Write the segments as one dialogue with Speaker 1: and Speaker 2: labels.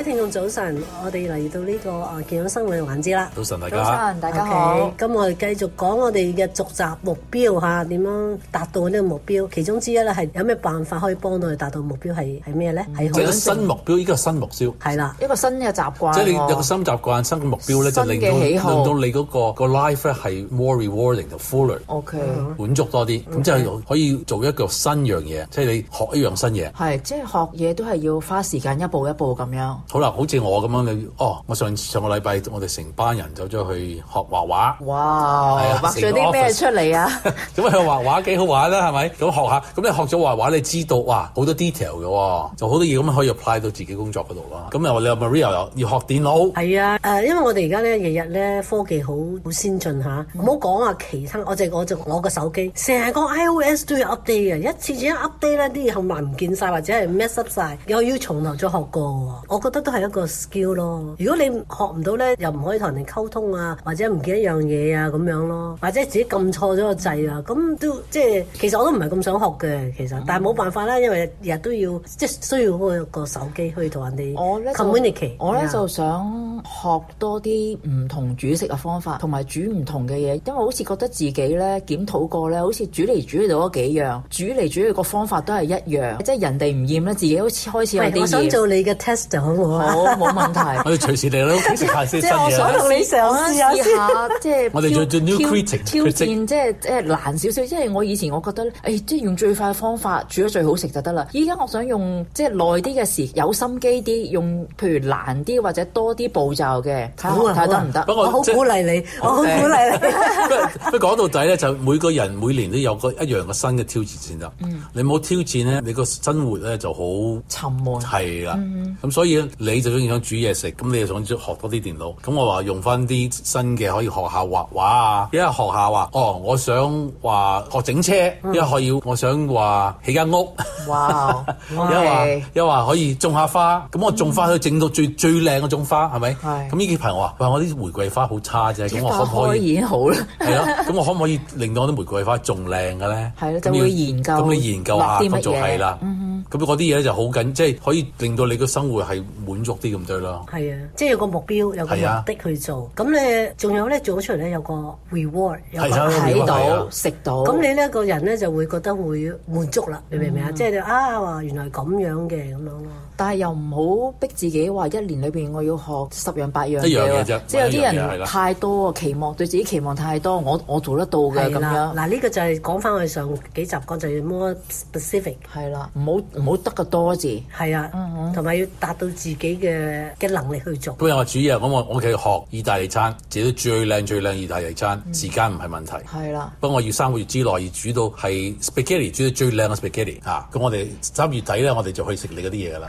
Speaker 1: 各位聽眾早晨，我哋嚟到呢、這個健康、啊、生活環節啦。
Speaker 2: 早晨大家，早晨大家好。咁、okay,
Speaker 1: 我哋繼續講我哋嘅續集目標吓，點、啊、樣達到呢個目標？其中之一咧係有咩辦法可以幫到你達到目標？係係咩咧？係即新目
Speaker 2: 標，依家新目標係啦，一個
Speaker 1: 新嘅習慣。即、
Speaker 3: 就、係、是、你有個
Speaker 2: 新習慣，新嘅目標咧，就令到，令到你、那個、那個 life 咧係 more rewarding 同 fuller OK，滿、嗯、足多啲，咁即係可以做一個新樣嘢，即、嗯、係、就是就是、你學一樣新嘢。係，即、
Speaker 3: 就、係、是、學嘢都係要花時間，一步一步咁樣。
Speaker 2: 好啦，好似我咁樣你哦，我上上個禮拜我哋成班人走咗去學畫畫。哇、wow, 啊，畫咗啲咩出
Speaker 3: 嚟
Speaker 2: 啊？咁 去畫畫幾 好玩啦、啊，係咪？咁學下，咁你學咗畫畫，你知道哇，好多 detail 嘅、哦，就好多嘢咁可以 apply 到自己工作嗰度咯。咁啊，你有 Maria 要學電腦。
Speaker 1: 係啊，誒、呃，因為我哋而家咧日日咧科技好好先進下，唔好講啊，嗯、講講其他我就我就攞個手機，成個 iOS 都要 update 啊，一次一次 update 咧啲嘢，可能唔見晒，或者係 mess up 晒。又要從頭再學過。我覺得。都係一個 skill 咯。如果你學唔到咧，又唔可以同人哋溝通啊，或者唔記得一樣嘢啊咁樣咯，或者自己撳錯咗個掣啊，咁都即係其實我都唔係咁想學嘅，其實，但係冇辦法啦，因為日日都要即係需要一個手機去同人哋 communicate
Speaker 3: 我、啊。我咧就想學多啲唔同煮食嘅方法，同埋煮唔同嘅嘢，因為好似覺得自己咧檢討過咧，好似煮嚟煮去到嗰幾樣，煮嚟煮去個方法都係一樣，即係人哋唔厭咧，自己好似開始有啲。我想做
Speaker 1: 你嘅 test 就好。
Speaker 3: 好，冇問題， 我哋隨
Speaker 2: 時嚟咯， 你屋企食下新嘅嘢。我試一下， 試一
Speaker 3: 下，即係我哋做
Speaker 2: 做 new c r i t i n 挑戰 即係
Speaker 3: 即係難少少。即係我以前我覺得咧、 哎，即係用最快嘅方法煮得最好食就得啦。依家我想用即係耐啲嘅時，有心機啲，用譬如難啲或者多啲步驟嘅，睇得唔得？不過好鼓勵你，我好鼓勵你。不
Speaker 2: 過講到底咧，就每個人每年都有一個 一樣嘅新嘅挑戰先得。嗯，你冇挑戰咧，你個生活咧就好沉悶。係啦，咁、嗯嗯、所以。你就中意想煮嘢食，咁你就想學多啲電腦。咁我話用翻啲新嘅，可以學下畫畫啊。因為學一學校話，哦，我想話學整車，因為、嗯、可以我想話起間屋。哇、wow,
Speaker 4: okay！
Speaker 2: 因為話，因為可以種下花，咁我種花去整到最、嗯、最靚嗰種花，係咪？咁呢幾朋友話，喂，我啲玫瑰花好差啫，咁我可唔可以已經好咧？係 啊，咁我可唔可以令到我啲玫瑰花仲靚嘅咧？係咯，就會研究要。咁你研究一下啲乜嘢？嗯哼。咁嗰啲嘢就好緊，即、就、係、是、可以令到你個生活係滿足啲咁對啦。
Speaker 1: 係啊，即、就、係、是、有個目標，有個目的去做。咁、啊、你仲有咧做咗出嚟咧，有個 reward，有
Speaker 2: 睇到、食、啊啊、到。
Speaker 1: 咁、啊啊、你呢個人咧就會覺得會滿足啦、啊。你明唔明啊？即、嗯、係、就是、啊，原來咁樣嘅咁咯。但係又唔好逼自己
Speaker 3: 話一年裏邊我要學十樣八樣嘢，啫，即係有啲人太多期望，期望對自己期望太多，我我做得到嘅，咁樣嗱
Speaker 1: 呢、呢個就係講翻我上幾集講就要、係、more specific，係啦，唔好唔好得個多字。係啊，同、嗯、埋、嗯、要達到自己嘅嘅能力去做。咁、
Speaker 2: 嗯嗯、我主意咁，我我屋企學意大利餐，自己都最靚最靚意大利餐，嗯、時間唔係問題。
Speaker 1: 係啦，
Speaker 2: 不過我要三個月之內要煮到係 spaghetti 煮到最靚嘅 spaghetti 咁、啊、我哋三月底咧，我哋就可以食你嗰啲嘢㗎啦。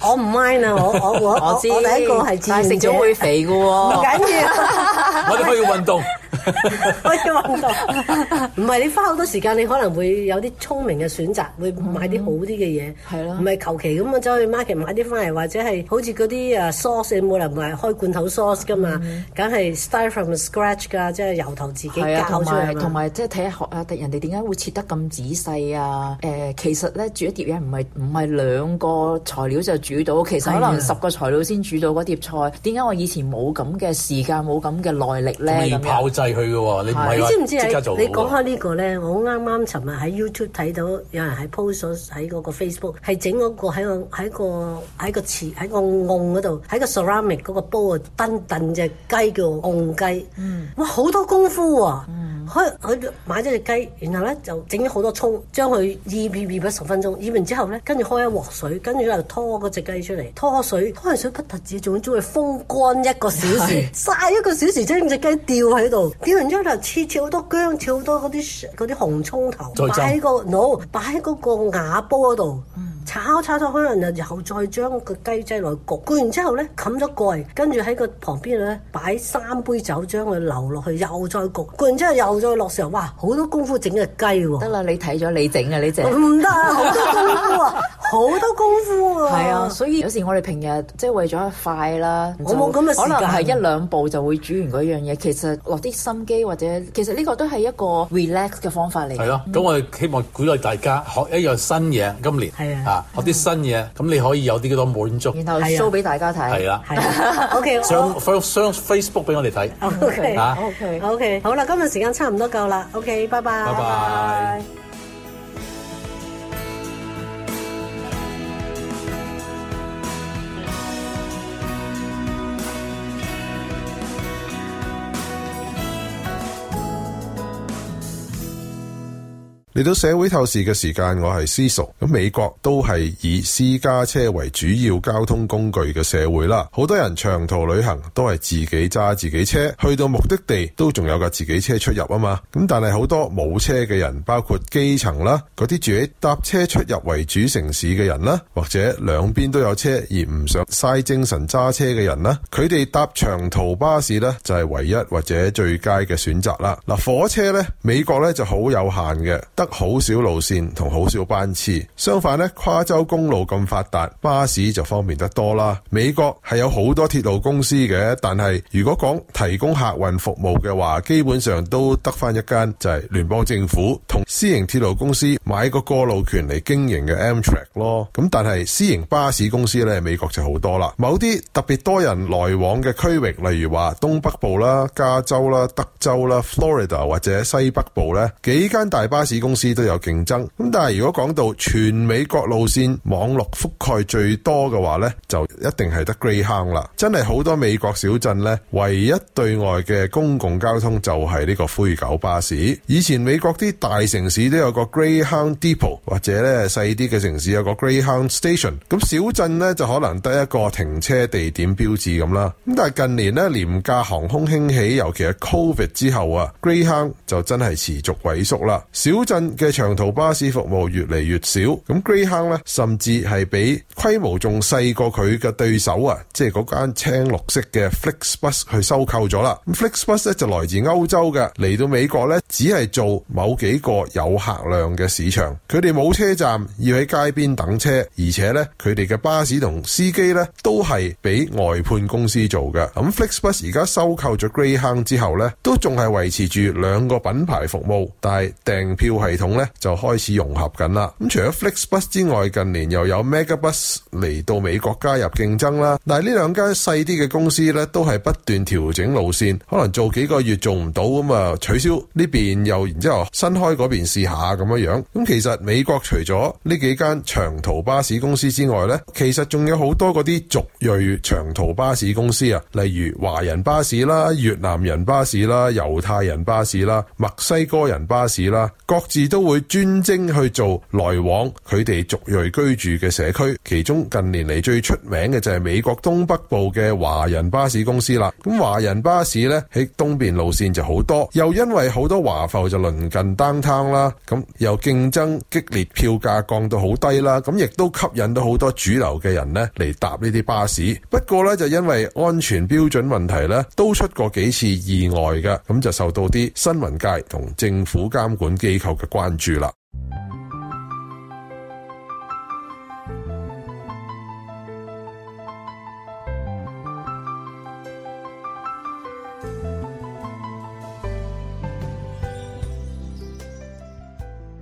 Speaker 1: 我唔 mind 啊，我我我我我第一個係自然食咗會肥噶喎，唔緊要，
Speaker 2: 我 哋 可以運運動，可以運
Speaker 1: 動。唔係你花好多時間，你可能會有啲聰明嘅選擇，會買啲好啲嘅嘢。係、嗯、咯，唔係求其咁啊走去 market 買啲翻嚟，或者係好似嗰啲啊 sauce，冇理由唔係開罐頭 sauce 噶嘛，梗係 start from scratch 噶，即係由頭自己教出嚟。同埋即係睇下學
Speaker 3: 啊，看看人哋點解會切得咁仔細啊？誒、呃，其實咧煮一碟嘢唔係唔係兩個材料。就煮到，其實可能十個材料先煮到嗰碟菜。點解我以前冇咁嘅時間，冇
Speaker 1: 咁嘅耐力
Speaker 3: 咧？咁
Speaker 2: 炮製佢嘅喎，你唔係話即刻做的。你講開
Speaker 1: 呢個咧，我啱啱尋日喺 YouTube 睇到有人喺 post 喺嗰個 Facebook，係整嗰個喺個喺個喺個，個瓷喺個甕嗰度喺個 ceramic 嗰個煲啊燉燉隻雞叫甕雞。嗯。哇！好多功夫啊。嗯開佢買咗隻雞，然後咧就整咗好多蔥，將佢醃 bb 咗十分鐘，醃完之後咧，跟住開一鑊水，跟住就拖嗰隻雞出嚟，拖水，拖完水不特止，仲要再風乾一個小時，曬一個小時，將隻雞吊喺度，吊完之後呢，後切切好多薑，切好多嗰啲嗰啲紅蔥頭，擺喺個腦，擺喺嗰個，no，個瓦煲嗰度。嗯炒炒咗可能又再將個雞仔來焗，焗完之後咧冚咗蓋，跟住喺個旁邊咧擺三杯酒，將佢流落去，又再焗，焗完之後又再落豉油，哇！好多功夫整嘅雞喎。得啦，你睇咗你整嘅呢隻。唔得， 好多功夫啊， 好多功夫啊。係啊，
Speaker 3: 所以有時我哋平日即係為咗快啦，我冇咁嘅時間，可能係一兩步就會煮完嗰樣嘢。其實落啲心機或者，其實呢個都係一個 relax 嘅方法嚟。係咯、啊，咁我
Speaker 2: 哋希望鼓勵大家學一樣新嘢。今年啊。學、嗯、啲新嘢，咁你可以有啲幾多滿足。然後 show 俾大家睇。係啦、係啦、係啦、
Speaker 1: ，OK
Speaker 2: 上上。上 Facebook 俾我哋睇。OK。嚇 OK OK，啊、
Speaker 1: okay 好啦，今日時間差唔多夠啦。OK，拜拜。拜拜。Bye bye。
Speaker 5: 嚟到社會透視嘅時間，我係私屬咁。美國都係以私家車為主要交通工具嘅社會啦。好多人長途旅行都係自己揸自己車去到目的地，都仲有架自己車出入啊嘛。咁但係好多冇車嘅人，包括基層啦，嗰啲住喺搭車出入為主城市嘅人啦，或者兩邊都有車而唔想嘥精神揸車嘅人啦，佢哋搭長途巴士咧就係唯一或者最佳嘅選擇啦。嗱，火車咧，美國咧就好有限嘅，好少路線同好少班次，相反咧，跨州公路咁發達，巴士就方便得多啦。美國係有好多鐵路公司嘅，但係如果講提供客運服務嘅話，基本上都得返一間就係聯邦政府同私營鐵路公司買個過路權嚟經營嘅 Amtrak 咯。咁但係私營巴士公司咧，美國就好多啦。某啲特別多人來往嘅區域，例如話東北部啦、加州啦、德州啦、Florida 或者西北部咧，幾間大巴士公司。司都有競爭，咁但係如果講到全美國路線網絡覆蓋最多嘅話呢，就一定係得 Greyhound 啦。真係好多美國小鎮呢，唯一對外嘅公共交通就係呢個灰狗巴士。以前美國啲大城市都有個 Greyhound Depot 或者呢細啲嘅城市有個 Greyhound Station，咁小鎮呢，就可能得一個停車地點標誌咁啦。咁但係近年呢，廉價航空興起，尤其係 Covid 之後啊，Greyhound 就真係持續萎縮啦。小鎮嘅長途巴士服務越嚟越少，咁 Greyhound 咧甚至係比規模仲細過佢嘅對手啊，即係嗰間青綠色嘅 Flixbus 去收購咗啦。Flixbus 咧就來自歐洲嘅，嚟到美國咧只係做某幾個有客量嘅市場，佢哋冇車站，要喺街邊等車，而且咧佢哋嘅巴士同司機咧都係俾外判公司做嘅。咁 Flixbus 而家收購咗 Greyhound 之後咧，都仲係維持住兩個品牌服務，但係訂票系系統咧就開始融合緊啦。咁除咗 FlixBus 之外，近年又有 Megabus 嚟到美國加入競爭啦。但係呢兩間細啲嘅公司咧，都係不斷調整路線，可能做幾個月做唔到咁啊，取消呢邊又然之後新開嗰邊試下咁樣樣。咁其實美國除咗呢幾間長途巴士公司之外咧，其實仲有好多嗰啲族裔長途巴士公司啊，例如華人巴士啦、越南人巴士啦、猶太人巴士啦、墨西哥人巴士啦，各自。亦都會專精去做來往佢哋族裔居住嘅社區，其中近年嚟最出名嘅就係美國東北部嘅華人巴士公司啦。咁華人巴士呢喺東邊路線就好多，又因為好多華埠就鄰近 Downtown 啦，咁又競爭激烈，票價降到好低啦，咁亦都吸引到好多主流嘅人呢嚟搭呢啲巴士。不過呢，就因為安全標準問題呢都出過幾次意外㗎，咁就受到啲新聞界同政府監管機構嘅關注了。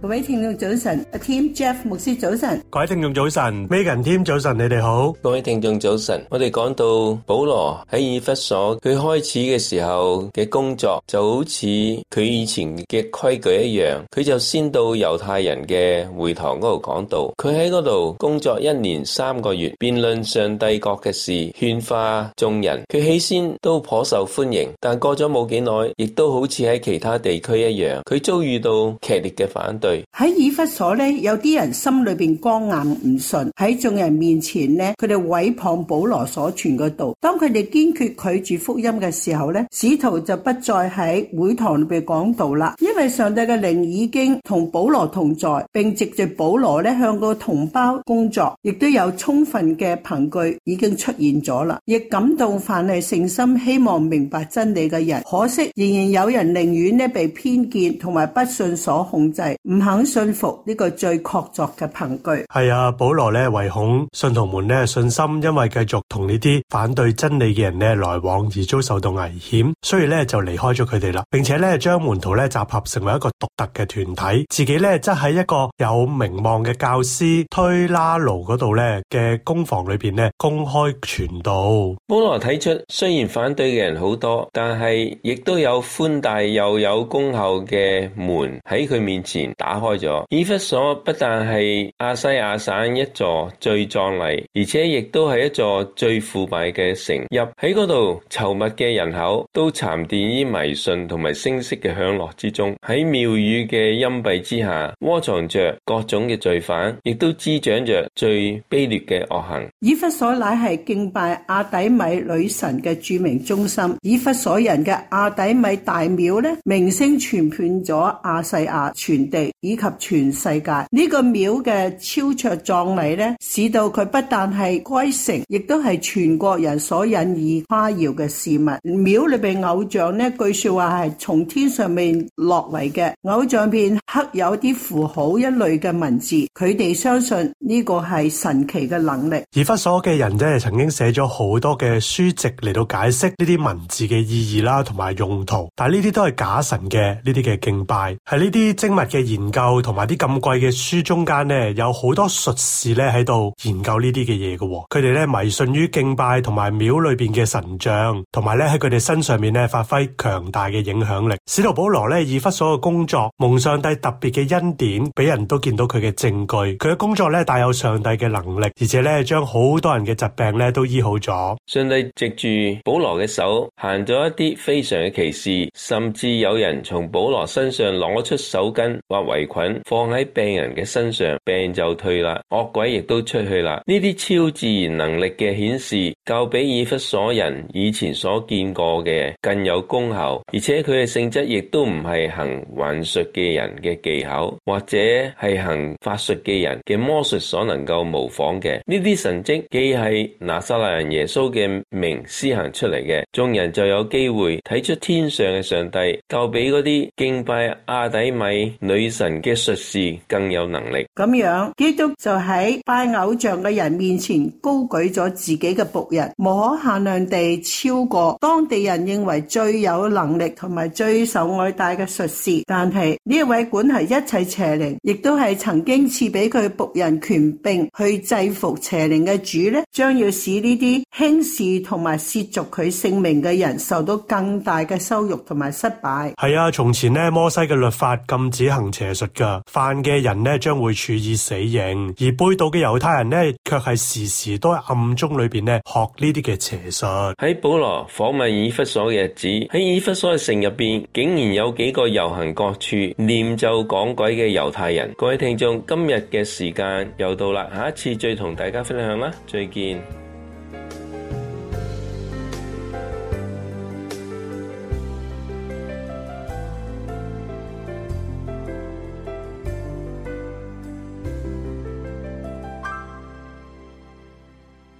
Speaker 4: 各位聽眾早晨 Tim Jeff 牧師早晨，
Speaker 6: 各位聽眾早晨，Megan Tim 早晨，你哋好，各位聽眾早晨，我哋講到保羅喺以弗所，佢開始嘅時候嘅工作就好似佢以前嘅規矩一樣，佢就先到猶太人嘅會堂嗰度講道，佢喺嗰度工作一年三個月，辯論上帝國嘅事，勸化眾人，佢起先都頗受歡迎，但過咗冇幾耐，亦都好似喺其他地區一樣，佢遭遇到劇烈嘅反對。
Speaker 4: 喺以弗所咧，有啲人心裏邊剛硬唔順，喺眾人面前呢，佢哋毀謗保羅所傳嘅道，當佢哋堅決拒絕福音嘅時候呢，使徒就不再喺會堂裏邊講道啦，因為上帝嘅靈已經同保羅同在，並藉住保羅呢向個同胞工作，亦都有充分嘅憑據已經出現咗啦。亦感動凡係誠心希望明白真理嘅人，可惜仍然有人寧願呢被偏見同埋不信所控制。唔肯信服呢個最確鑿嘅憑據，
Speaker 7: 係啊，保羅咧唯恐信徒們咧信心因為繼續同呢啲反對真理嘅人咧來往而遭受到危險，所以咧就離開咗佢哋啦，並且咧將門徒咧集合成為一個獨特嘅團體，自己咧則喺一個有名望嘅教師推拉奴嗰度咧嘅工房裏邊咧公開傳道。
Speaker 6: 保羅睇出雖然反對嘅人好多，但係亦都有寬大又有功效嘅門喺佢面前。打開咗，以弗所不但係亞西亞省一座最壯麗，而且亦都係一座最腐敗嘅城。入喺嗰度，稠密嘅人口都沉澱於迷信同埋聲色嘅享樂之中。喺廟宇嘅陰蔽之下，窩藏着各種嘅罪犯，亦都滋長着最卑劣嘅惡行。以
Speaker 4: 弗所乃係敬拜阿底米女神嘅著名中心。以弗所人嘅阿底米大廟咧，名聲傳遍咗亞西亞全地。以及全世界、這個，的呢個廟嘅超卓壯麗咧，使到佢不但係該城，亦都係全國人所引以誇耀嘅事物。廟裏邊偶像呢據說話係從天上面落嚟嘅。偶像片刻有啲符號一類嘅文字，佢哋相信呢個係神奇嘅能力。
Speaker 7: 而弗所嘅人咧，曾經寫咗好多嘅書籍嚟到解釋呢啲文字嘅意義啦，同埋用途。但係呢啲都係假神嘅呢啲嘅敬拜，係呢啲精密嘅言。研究同埋啲咁貴嘅書中間咧，有好多術士咧喺度研究呢啲嘅嘢嘅。佢哋咧迷信於敬拜同埋廟裏邊嘅神像，同埋咧喺佢哋身上面咧發揮強大嘅影響力。使徒保羅咧以弗所嘅工作蒙上帝特別嘅恩典，俾人都見到佢嘅證據。佢嘅工作咧帶有上帝嘅能力，而且咧將好多人嘅疾病咧都醫好咗。
Speaker 6: 上帝藉住保羅嘅手行咗一啲非常嘅奇事，甚至有人從保羅身上攞出手巾或為細菌放喺病人嘅身上，病就退啦，惡鬼亦都出去啦。呢啲超自然能力嘅顯示，較比以弗所人以前所見過嘅更有功效，而且佢嘅性質亦都唔係行幻術嘅人嘅技巧，或者係行法術嘅人嘅魔術所能夠模仿嘅。呢啲神迹既係拿撒勒人耶穌嘅名施行出嚟嘅，眾人就有機會睇出天上嘅上帝。較比嗰啲敬拜阿底米女神。人嘅術士更有能力，
Speaker 4: 咁樣基督就喺拜偶像嘅人面前高舉咗自己嘅僕人，無可限量地超過當地人認為最有能力同埋最受愛戴嘅術士。但係呢一位管係一切邪靈，亦都係曾經賜俾佢僕人權柄去制服邪靈嘅主呢，將要使呢啲輕視同埋褻瀆佢聖名嘅人受到更大嘅羞辱同埋失敗。
Speaker 7: 係啊，從前呢，摩西嘅律法禁止行邪。述噶犯嘅人呢，將會處以死刑；而背道嘅猶太人呢，卻係時時都喺暗中裏邊呢學呢啲嘅邪術。
Speaker 6: 喺保羅訪問以弗所嘅日子，喺以弗所嘅城入邊，竟然有幾個遊行各處、念咒講鬼嘅猶太人。各位聽眾，今日嘅時間又到啦，下一次再同大家分享啦，再見。